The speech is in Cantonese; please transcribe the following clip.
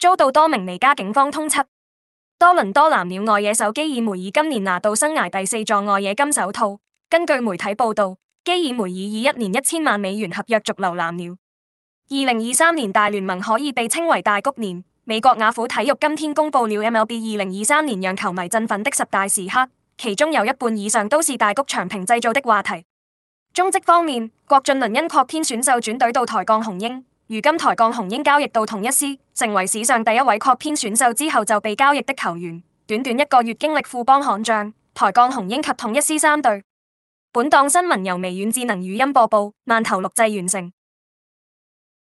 遭到多明尼加警方通緝。多倫多藍鳥外野手基爾梅爾今年拿到生涯第四座外野金手套。根據媒體報道，基爾梅爾以一年一千萬美元合約續留藍鳥。二零二三年大聯盟可以被稱為大谷年。美國雅虎體育今天公布了 MLB 二零二三年讓球迷振奮的十大時刻，其中有一半以上都是大谷翔平製造的話題。中職方面，郭俊麟因擴編選秀轉隊到台鋼雄鷹。如今台鋼雄鷹交易到統一獅，成為史上第一位擴編選秀之後就被交易的球員。短短一個月，經歷富邦悍將、台鋼雄鷹及統一獅三隊。本檔新聞由微軟智能語音播報，慢頭錄製完成。